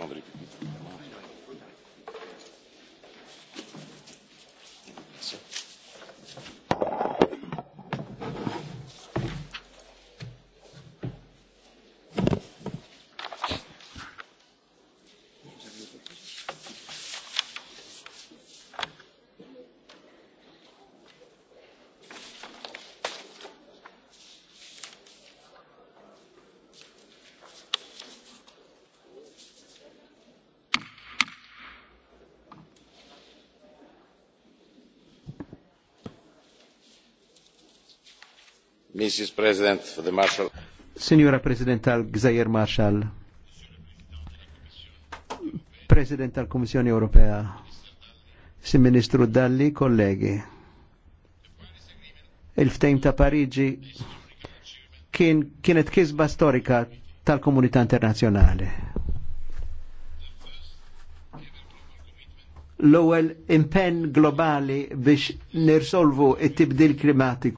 Andri. Mrs. President for the Marshall. Signora President tal-Gżajer Marshall. President tal Commissione Europea. Sim Ministru Dalli, kollegi. Il-ftejm ta' Parigi kien, kienet kisba storika tal-komunità internazjonali. L-ewwel impenn globali biex nirsolvu it-tibdil klimatiku